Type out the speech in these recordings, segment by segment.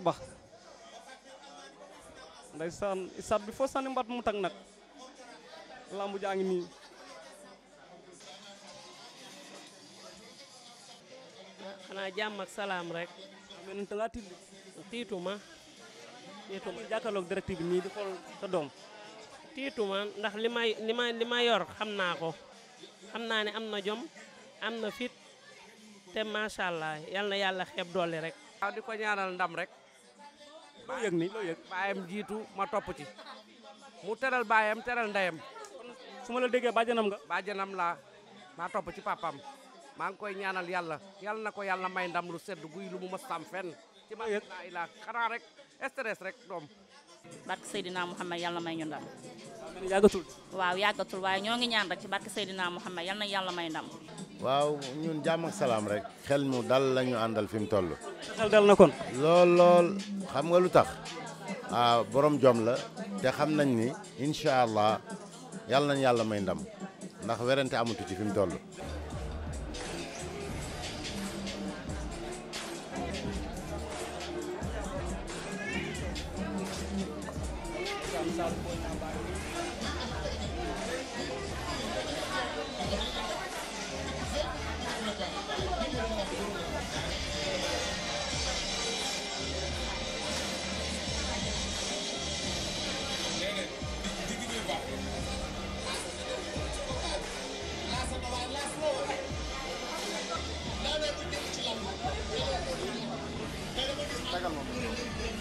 mbatt ba ndeysaan isaat bi foo sànni mbatt mu tag nag lambu jaa ngi nii xanaa jàmm ak salaam rek menen ta nga tiit tiituma tiituma jàkkaarloog direct bi nii di xool sa doom tiituma ndax li may li ma li ma yor xam naa ko xam naa ni am na jom am na fit te macha allah yal na yàlla xeeb doole rek waaw di ko ñaanal ndam rek loo yëg baayam jiitu ma topp ci mu teral baayam teral ndeyam su ma la déggee bàjjanam nga bàjjanam la maa topp ci papaam maa ngi koy ñaanal yàlla yàlla na ko yàlla may ndam lu sedd guy lu mu mës am fenn ci ma yëg laa ilaa xanaa rek stress rek doom barke Seydina Mouhamed yàlla may ñu ndam yàggatul waaw yàggatul waaye ñoo ngi ñaan rek ci barke Seydina Mouhamed yàlla na yàlla may ndam waaw ñun jàmm ak salaam rek xel mu dal lañu àndal fi mu toll. na kon. lool lool xam nga lu tax ah jom la te nañ ni incha allah yàlla nañ yàlla may ndam ndax werante amatu ci fi mu toll.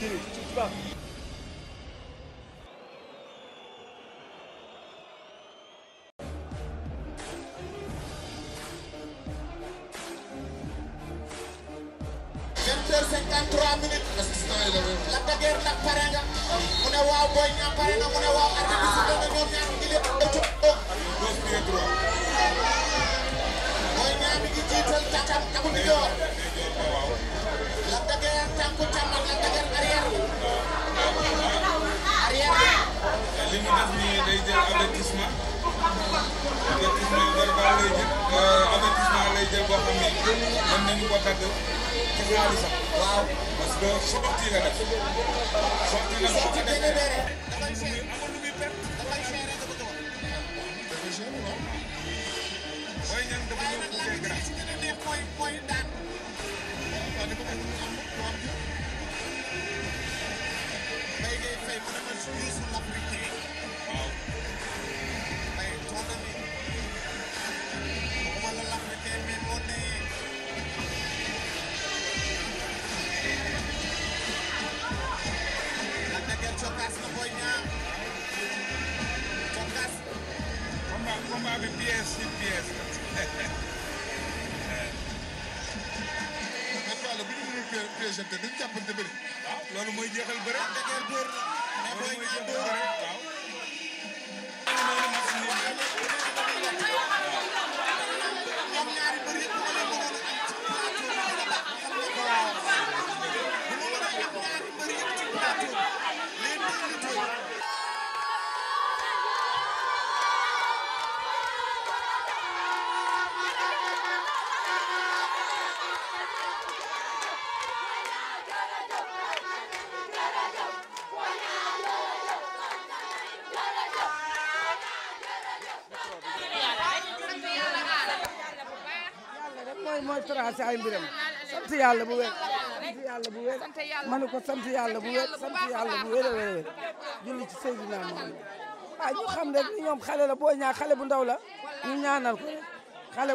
geri çık bak. vingt heures cinquante trois minutes. Lac de Guiers nag pare nga. mu ne waaw booy ñaa pare na mu ne waaw arbitre bi sifflé na ñoom ñaar ngi lépp Euh, avertissement lay jël boo xam ne mën nañu ko dagg ci xaalis sax waaw parce que sorti nga def sorti nga ko defee amul lu muy perte Boy Niang dafa ñëw bu abi piyes piyes. en tout cas bu ñu mënul présenté dañu jàppante bëri. waaw loolu mooy jeexal bëri. loolu mooy tracé ay mbiram sant la bu wér sant yàlla bu wér ma ne ko sant yàlla bu wér sant yàlla bu wér a wér a wér julli ci Seydina Muhammad waaw ñu xam rek ni ñoom xale la boo ñaa xale bu ndaw la ñu ñaanal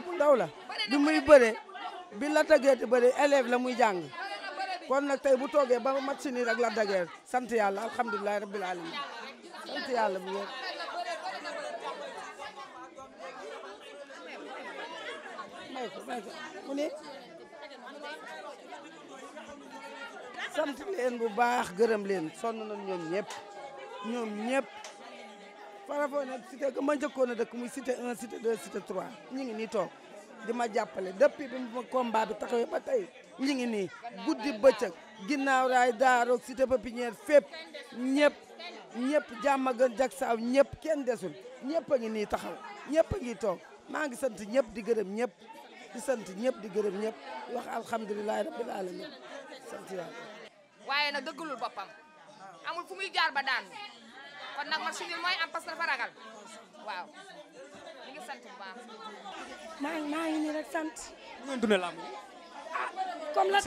bu ndaw la bi muy bëre bi la dageer bëre élève la muy jàng kon nag tey bu toogee ba mat si nii rek la dageer sant yàlla alhamdulilahi rabbil alamin sant yàlla bu wér may ko may leen bu baax gërëm leen sonn nañ ñoom ñëpp ñoom ñëpp Farafone cité ga ma njëkkoon a dëkk muy cité 1 cité 2 cité 3 ñu ngi nii toog di ma jàppale depuis bi ma combat bi taxawee ba tey ñu ngi guddi bëccëg ginnaaw raay daaroog cité pépinière fépp ñëpp ñëpp jàmm gën jag saaw ñëpp kenn desul ñëpp a ngi nii taxaw ñëpp a ngi toog maa ngi sant ñëpp di gërëm ñëpp di sant ñëpp di gërëm ñëpp wax alhamdulilahi rabbil alamin sant yàlla waaye nag dëggalul boppam amul fu muy jaar ba daan kon nag man suñul mooy am parce que dafa ragal waaw ñu ngi maa maa ngi rek sant ñu ngeen dundee làmb ah la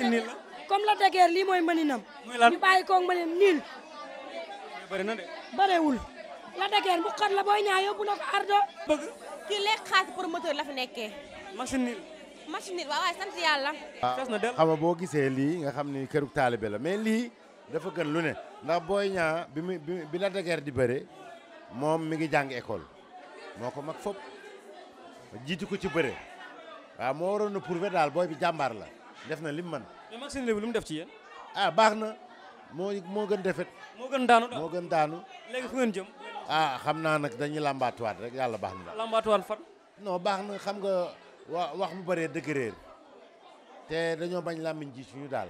comme la dégeer lii mooy mëninam ñu bàyyi koog mëninam niil la dégeer bu xat la booy ñaa yóbbu na ko ardo bëgg kii lekk xaasi promoteur la fi nekkee match nit waaw waaye sant yàlla. Ah, xam boo gisee lii nga xam ni këru taalibe la mais lii dafa gën lu ne ndax booy ñaa bi mu bi la dëgër di bëre moom mi ngi jàng école moo ko mag fop jiitu ko ci bëre waaw moo waroon na prouver daal booy bi jàmbaar la def na lim man mais machine lu mu def ci yéen. ah baax na moo moo gën defet moo gën moo gën daanu. jëm. ah xam naa nag dañuy làmbaatuwaat rek yàlla baax na. làmbaatuwaat fan. non baax na xam nga. wa wax bu bëree dëgg réer te dañoo bañ làmmiñ ji suñu daal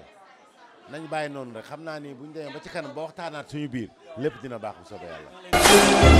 nañu bàyyi noonu rek xam naa ni bu buñ demee ba ci kanam ba waxtaanaat suñu biir lépp dina baax bu soobee yàlla